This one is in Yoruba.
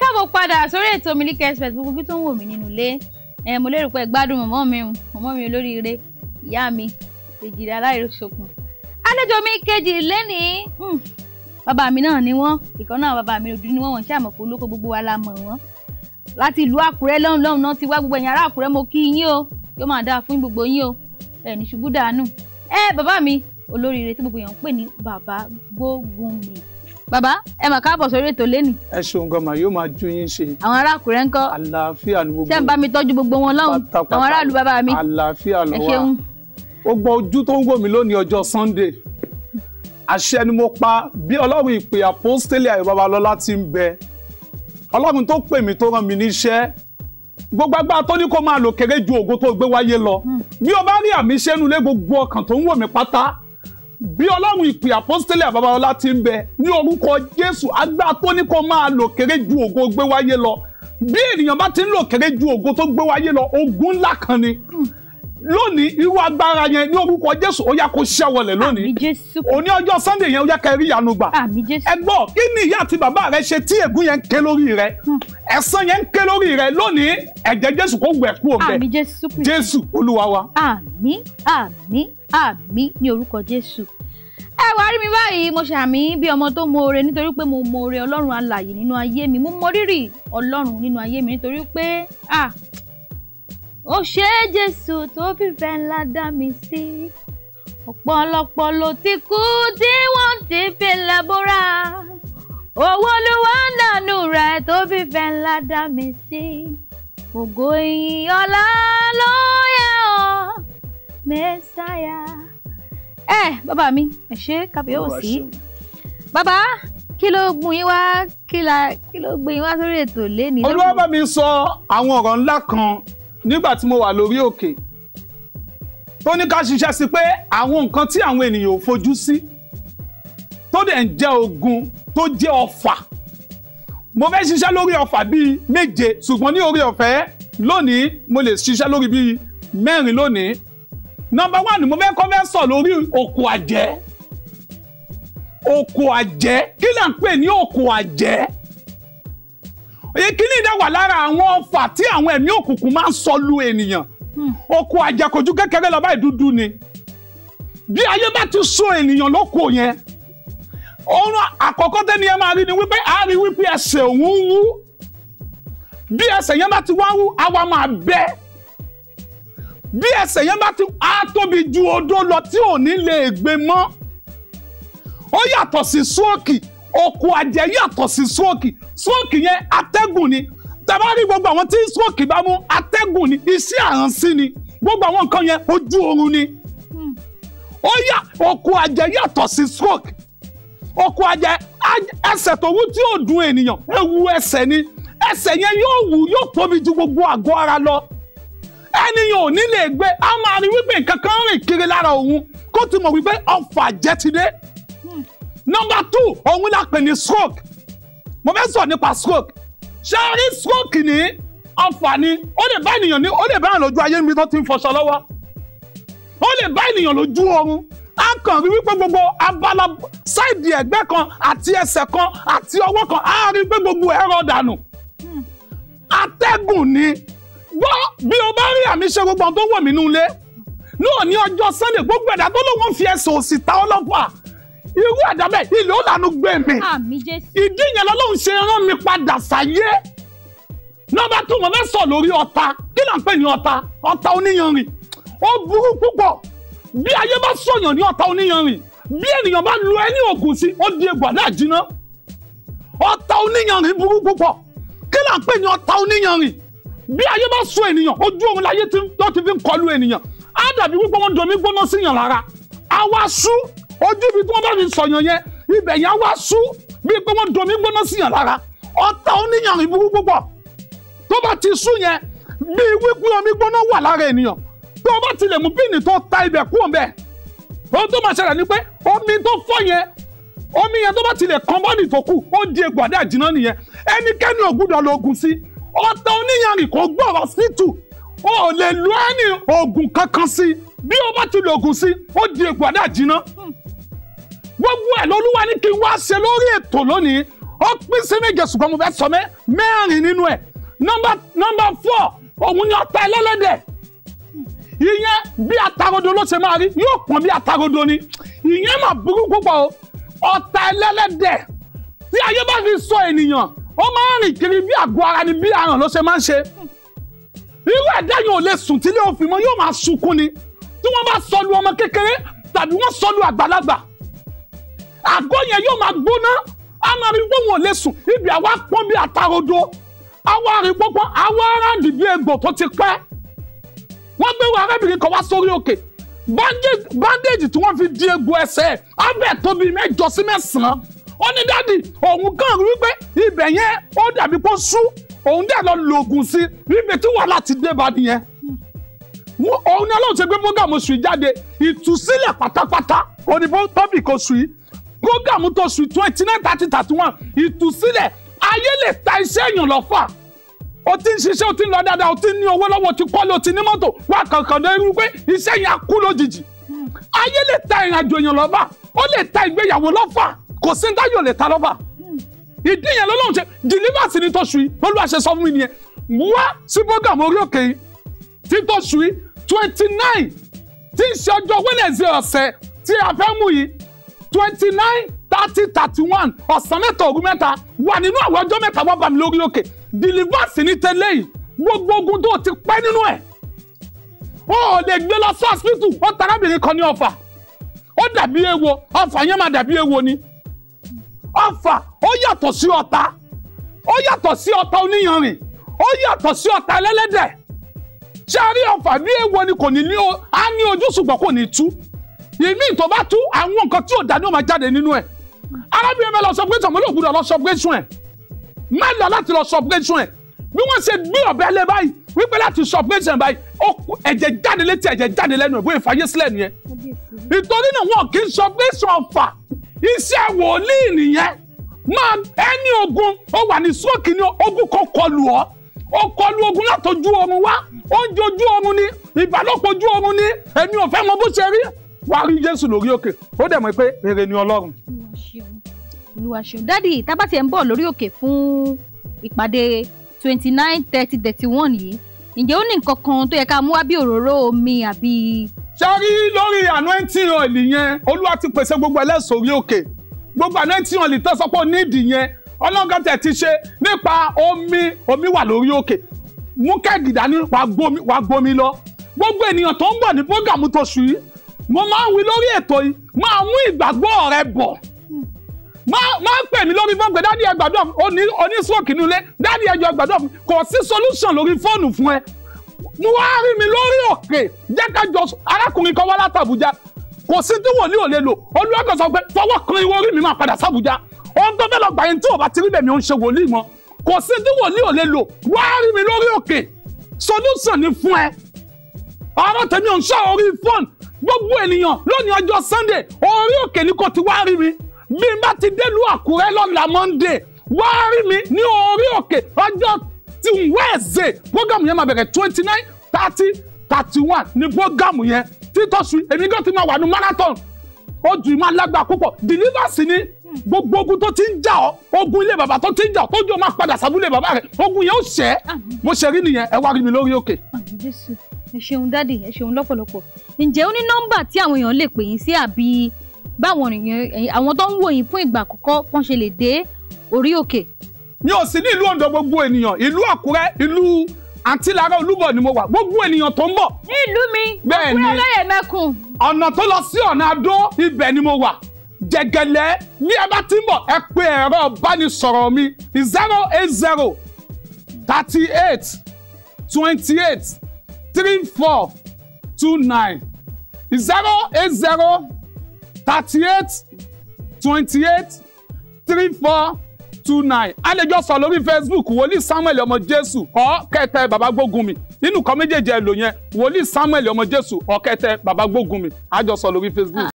káàbọ̀ padà sórí ètò Miliki Express gbogbo bí tó ń wò mí nínú ilé eh, mo lérò pé gbádùn mọ̀mọ́ mi mọ̀mọ́ mi olóríire ìyá mi èjìdá aláìṣokùn àlejò mi kejì lẹ́nìí hmm, bàbá mi náà ni wọ́n ìkan náà bàbá mi òdùn ni wọ́n wọ́n ṣàmọ̀ fún olóko gbogbo wa la mọ̀ wọ́n láti ìlú Àkúrẹ́ lọ́hùn lọ́hùn náà ti wá gbogbo ẹ̀yìn ará Àkúrẹ́ mo kí yín o yóò máa dáa fún gbogbo yín o ẹ̀ ní ṣubú dànù ẹ eh, bàbá mi olóríire tí gbogbo èèyàn ń pè ní bàbá gbógunmi bàbá ẹ mà káàbọ̀ sórí ètò lẹ́nì. ẹ ṣeun gan ma yóò máa ju yín ṣe. àwọn ará Àkúrẹ́ ń kọ́. àlàáfíà ni gbogbo wọn. ṣé ń bá mi tọ́jú gbogbo wọn lọ́hùn. pátápátá àwọn aráàlú bàbá mi. àlàáfíà ló wà. ẹ ṣeun. ó gbọ́ ojú tó ń wò mí lónìí ọjọ́ Sunday àṣẹ ni mo pa bí ọlọ́run ìpè àpọ́stélì Ayọ̀ Babalọ́lá ti ń bẹ ọlọ́run tó pè mí tó rán mi níṣẹ́ gbogbo agbára tó ní kó máa lò kéré ju ògo tó gbé wáyé lọ bí hmm. o bá rí àmì iṣẹ́ nulẹ̀ gbogbo ọkàn tó ń wò mí pátá bí ọlọ́run ìpè àpọ́sítélì àbábáwọlá ti ń bẹ ní orúkọ jésù agbára tó ní kó máa lò kéré ju ògo gbé wáyé lọ bí ènìyàn bá ti ń lò kéré ju ògo tó gbé wáyé lọ ogun ńlá kan ni lónìí irú agbára yẹn ní orúkọ jésù ó yá kó ṣẹ́ wọlẹ̀ lónìí òní ọjọ́ sunday yẹn ó yá kẹrí ìyanu gbà ẹgbọ́ kí ni ìyá àti bàbá rẹ ṣe tí ègún yẹn ń ké lórí rẹ hmm. ẹ̀san yẹn ń ké lórí rẹ lónìí ẹ̀jẹ̀ jésù kó wẹ̀ kú òun bẹ̀ jésù olúwa wa. àmín àmín àmín ní orúkọ jésù ẹ wàá rí mi báyìí mo ṣàmì bí ọmọ tó moore nítorí pé mo moore ọlọ́run alààyè nínú ayé mi mo mọrírì ọlọ́run nínú ayé mi nítorí pé ah ó ṣe é jésù tó fìfẹ́ ńlá dá mi sí ọ̀pọ̀lọpọ̀ ló ti kú tí wọ́n ti fi lẹ́bùrà owó olúwa ń dànù rẹ̀ tó fìfẹ́ ńlá dá mi sí ògo ìyìn ọlá ló yẹ ọ́ mẹ́sáyà. ẹ bàbá mi ẹ ṣe kábíyèsí bàbá kí ló gbìn yín wá kí ló gbìn yín wá sórí ètò lẹ́nìí. olúwa bá mi sọ àwọn ọ̀rọ̀ ńlá kan nígbà tí mo wà lórí òkè tó ní ká ṣiṣẹ́ sí pé àwọn nǹkan tí àwọn ènìyàn ò fojú sí tó dẹ̀ ń jẹ́ ogun tó jẹ́ ọfà mo fẹ́ ṣiṣẹ́ lórí ọfà bíi méje ṣùgbọ́n ní orí ọ̀fẹ́ lónìí mo lè ṣiṣẹ́ lórí bíi mẹ́rin lónìí nọ́mbà one mo fẹ́ kọ́ fẹ́ sọ lórí òkò àjẹ́ òkò àjẹ́ kí là ń pè ní òkò àjẹ́ èyí kíní dá wà lára àwọn ọfà tí àwọn ẹ̀mí òkùnkùn máa ń sọlu ènìyàn oko àjẹkọ̀jú kékeré lọ́ba ìdúdú ni bí ayé bá ti so ènìyàn lóko yẹn òun àkọ́kọ́ tẹ́ni ẹ máa rí ni wípé a rí wípé ẹsẹ̀ òun wú bí ẹsẹ̀ yẹn bá ti wá wú àwa máa bẹ́ bí ẹsẹ̀ yẹn bá ti á tóbi ju odó lọ tí ò lè gbé mọ́ ó yàtọ̀ sí sóòkì. So oko àjẹ́ yàtọ̀ sí stroke stroke yẹn atẹ́gùn ni tàbá rí gbogbo àwọn tí stroke bá mú atẹ́gùn ni iṣẹ́ àhánsí ni gbogbo àwọn nǹkan yẹn ojú oorun ni ó yà oko àjẹ́ yàtọ̀ sí stroke oko àjẹ́ ẹsẹ̀ tó wú tí ò dùn ènìyàn ewu ẹsẹ̀ ni ẹsẹ̀ yẹn yóò wú yóò tóbi ju gbogbo àgọ́ ara lọ ènìyàn ò ní lè gbé a máa rí wípé nǹkan kan rìn kiri lára òun kó ti mọ̀ wípé ọ̀fà jẹ́ ti dé number two òun la pè ní stroke mo fẹ́ sọ nípa stroke ṣé rí stroke ní àǹfààní ó lè bá ènìyàn ní ó lè bá ènìyàn lójú ayé mi tó ti ń fọṣọ lọ́wọ́ ó lè bá ènìyàn lójú oorun a kàn rí wípé gbogbo abala ṣáìdì ẹ̀gbẹ́ kan àti ẹsẹ̀ kan àti ọwọ́ kan a rí pé gbogbo ẹ̀rọ dànù atẹ́gùn ni gbọ́ bí o bá rí àmì ṣe gbogbo ohun tó wọ̀ mí nú ilé náà ọjọ́ sunday gbogbo ẹ̀dá tó lóun fi ẹsẹ̀ òsì ta ọlọ́pàá irú ẹ̀dá bẹ́ẹ̀ ilé ó lànà gbé mi ìdí yẹn lọ́lọ́run ṣe rán mi padà sáyé nọ́mbà tó wọn fẹ́ sọ lórí ọ̀tá kí là ń pè ní ọ̀tá ọ̀tá oníyanrìn ó burú púpọ̀ bí ayé bá sọ̀yàn ní ọ̀tá oníyanrìn bí ènìyàn bá lu ẹni ògùn sí ó di egbò àdá jiná ọ̀tá oníyanrìn burú púpọ̀ kí là ń pè ní ọ̀tá oníyanrìn bí ayé bá sọ ènìyàn ojú òun láyé tó ti fi ń kọlu ènìyàn á dàbí wípé wọn domi gbóná síyàn lára àwa sú ojú ibi tí wọ́n bá fi sọ̀yàn yẹn ibẹ̀ yẹn wá sú bíi pé wọ́n domi gbóná sí yàn lára ọ̀tá oníyàn ìbúkú púpọ̀ tó bá ti sú yẹn bíi wípé omi gbóná wà lára ènìyàn tó bá tilẹ̀ mú píìnì tó ta ibẹ̀ kúrò bẹ́ẹ̀ ohun tó máa ṣẹlẹ̀ ni pé omi tó fọ́ yẹn omi yẹn tó bá tilẹ̀ kan bọ́ọ̀lì tó kù ó di egbò àdá àjìná nìyẹn ẹnikẹ́ni ò gbúdọ̀ lo oògùn sí ọ̀tá oníyanrìn kò gbọ́rọ̀ sí tù o ò lè lo ẹni oògùn kankan sí bí o bá ti lo oògùn sí ó di egbò àdá àjìná gbogbo ẹ̀ lọ́lúwa ní kí n wá ṣe lórí ètò lónìí ó pín sí méje ṣùgbọ́n mo fẹ́ sọ mẹ́ mẹ́rin nínú ẹ̀ nọ́mbà four òun ni ọ̀tá ẹlẹ́lẹ́dẹ̀ ìyẹn bí atarodo ló ṣe máa rí yóò pọ̀n bí atarodo ni ìyẹn mà burú púpọ̀ o ọ̀tá ẹlẹ́lẹ́dẹ̀ tí ayé bá fi sọ ènìyàn ó máa ń rìn kiri bí àgọ́ ara ni bí aràn ló ṣe máa ń ṣe irú ẹ̀dá yẹn lè sùn tílé òfin mọ́ yóò máa sunkún ni tí wọ́n bá sọlu ọmọ kékeré tàbí wọ́n sọlu àgbàlagbà àgọ́ yẹn yóò máa gbóná àmọ́ àrígbó wọn ò lè sùn ibi àwa pọ́n bí àtàrodo àwa àrígbó pọ́n àwa aráàlú bí egbò tó ti pẹ́ wọ́n gbé arábìnrin kan wá sórí òkè bandage tí wọ́n fi di egbò ẹsẹ̀ abẹ́ tóbi mẹ́jọ sí mẹ́sàn-án ó ní dáàdì òun kàn rí pé ibẹ̀ yẹn ó dàbí kó sú òun dẹ̀ lọ lògùn sí ibi tí wàhálà ti dé bá nìyẹn òun ni ọlọ́run ṣe gbé mọ́gàmọ́sù jáde ìtúsílẹ̀ pátápátá òní bó tọ́bì kò sùn yìí program tó sùn twenty nine thirty thirty one ìtúsílẹ̀ ayé lè ta iṣẹ́ èèyàn lọ́fà o ti ń ṣiṣẹ́ o ti ń lọ dáadáa o ti ní owó lọ́wọ́ o ti kọ́lé o ti ní mọ́tò wà kankan náà irú pé iṣẹ́ yẹn á kú lójijì ayé lè ta ìrìnàjò èèyàn lọ́fà ó lè ta ìgbéyàwó lọ́fà kò sí ní táyọ̀ lè ta lọ́fà ìdí yẹn lọ́lọ́run ṣe deliverance ni tó ṣùí lọ́lọ́wà ṣe sọ fún mi nìyẹn wá sí program orí òkè yìí tí tó ṣùí twenty nine tí ń ṣe ọjọ́ wẹ́nẹ̀sì ọ̀sẹ̀ tí a twenty nine thirty thirty one ọ̀sán mẹ́ta òru mẹ́ta wà nínú àwọn ọjọ́ mẹ́ta wọ́n bá mi lórí òkè deliverance ní tẹ́lẹ̀ yìí gbogbo ogun tó ti pẹ́ nínú ẹ̀ o ò lè gbé lọ sí hospital ó tarábìnrin kan ní ọ̀fà ó dàbí ewo ọ̀fà yẹn máa dàbí ewo ni ọ̀fà ó yàtọ̀ sí ọ̀tá ó yàtọ̀ sí ọ̀tá oníyanrìn ó yàtọ̀ sí ọ̀tá ẹlẹ́lẹ́dẹ̀ ṣé a rí ọ̀fà bí ewo ni kò ní ní o á ní ojú ṣùgbọ́n kò ní tú èmi tó bá tú àwọn nǹkan tí ò dání ó máa jáde nínú ẹ̀ arábìnrin mẹ́lọ suffocation mo lè gbúdọ̀ lọ suffocation ẹ̀ má lọ láti lọ suffocation ẹ̀ bí wọ́n ṣe gbé ọ̀bẹ lé báyìí wípé láti suffocation báyìí ẹ̀jẹ̀ jáde létí ẹ̀jẹ̀ jáde lẹ́nu ẹ̀ bóyá ìfàyè sílẹ̀ nìyẹn ìtorí náà wọn kì í suffocation ọ̀fà iṣẹ́ wòlíì nìyẹn máa ẹni ogun ó wà ní stroke ni ogun kan kọlù ọ́ ó kọlu ogun látọjú oorun wá oúnjẹ ojú oorun ni ìbálòpọ̀ ojú oorun ni èmi ò fẹ́ mọ bó ṣe rí wá rí jésù lórí òkè ó dẹ̀ mọ̀ pé rere ni ọlọ́run. olúwa ṣeun dádì tábà tiẹ̀ ń bọ̀ lórí òkè fún ìpàdé twenty nine thirty thirty one yìí ǹjẹ́ ó ní nǹkan kan tó yẹ ká mú wá bí òróró omi àbí. ṣé rí lórí anointing oil yẹn olúwa ti pèsè gbogbo ẹlẹ́sìn orí òkè gbogbo anointing oil tó sọ pé ó ní ìdí yẹn ọlọ́gán tẹ̀ ti ṣe nípa omi omi wà lórí òkè mú kẹ́gì dání wàá gbómi lọ gbogbo ènìyàn tó ń bọ̀ ní bógàmù tó ṣù yìí mo máa ń wí lórí ètò yìí máa mú ìgbàgbọ́ rẹ bọ̀ máa pè mí lórí fóònù pé dáàdi ẹ gbàdúrà oníṣòkì nílé dáàdi ẹ jọ gbàdúrà kò sí solution lórí fóònù fún ẹ mo wá rí mi lórí òkè jẹ́ ká jọ arákùnrin kan wá látàbújá kò sí tí wòlíì ò lè lò olùwàkọ̀ sọ pé fọwọ́ kan ìwọ orí mi máa padà sábújá ohun tó fẹ́ lọ gbà tí ò bá ti rí bẹ̀mí ò ń ṣe wòlíì mọ́ kò sí tí wòlíì ò lè lò wá rí mi lórí òkè solution ni fún ẹ ọ̀rọ̀ tèmi ò ń ṣe orí fóònù gbogbo ènìyàn lónìí ọjọ́ sunday orí òkè ni kò ti wá rí mi bí n bá ti délùú àkúrẹ́ lọ́la monday wá rí mi ní orí òkè ọjọ́ ti wẹ́ẹ̀sẹ̀ program yẹn máa bẹ̀rẹ̀ twenty nine thirty thirty one ni program yẹn títọ́sù èmi gan ti máa wà ní marathon ó jù máa lágbára púpọ̀ deliverance ni hmm. gbogbo ogun tó ti ń jà ọ́ ogun ilé bàbá tó ti ń jà ọ́ tójú ọ máa padà sábúlé bàbá rẹ̀ ogun yẹn ó ṣẹ́ mo ṣe rí nìyẹn ẹ wá rí mi lórí òkè. jésù ẹ ṣeun dádì ẹ ṣeun lọ́pọ̀lọpọ̀ ǹjẹ́ ó ní nọ́mbà tí àwọn èèyàn lè pè yín sí àbí báwọn èèyàn àwọn tó ń wò yín fún ìgbà àkọ́kọ́ wọ́n ṣe lè dé orí òkè. mi ò sí ní ìlú Oǹdó gbogbo ènìyàn ìlú Àkúrẹ́ ìlú àǹtí Lára Olúbọ̀ ni mo wà gbogbo ènìyàn tó ń bọ̀. ní ìlú mi òkúrẹ́ olóyè mẹ́kùn. ọ̀nà tó lọ sí ọ̀nà Adó ibẹ̀ ni mo wà jẹ̀gẹ̀lẹ́ ní ẹ bá ti ń bọ̀ ẹ pe ẹ̀rọ ìbánisọ̀rọ̀ mi zero eight zero thirty eight twenty eight three four two nine zero eight zero thirty eight twenty eight three four two nine a lè jọ sọ lórí facebook wòlíì samuel ọmọ jésù ọ kẹtẹ bàbá gbógun mi nínú kan méjèèjì ẹ lò yẹn wòlíì samuel ọmọ jésù ọ kẹtẹ bàbá gbógun mi a jọ sọ lórí facebook.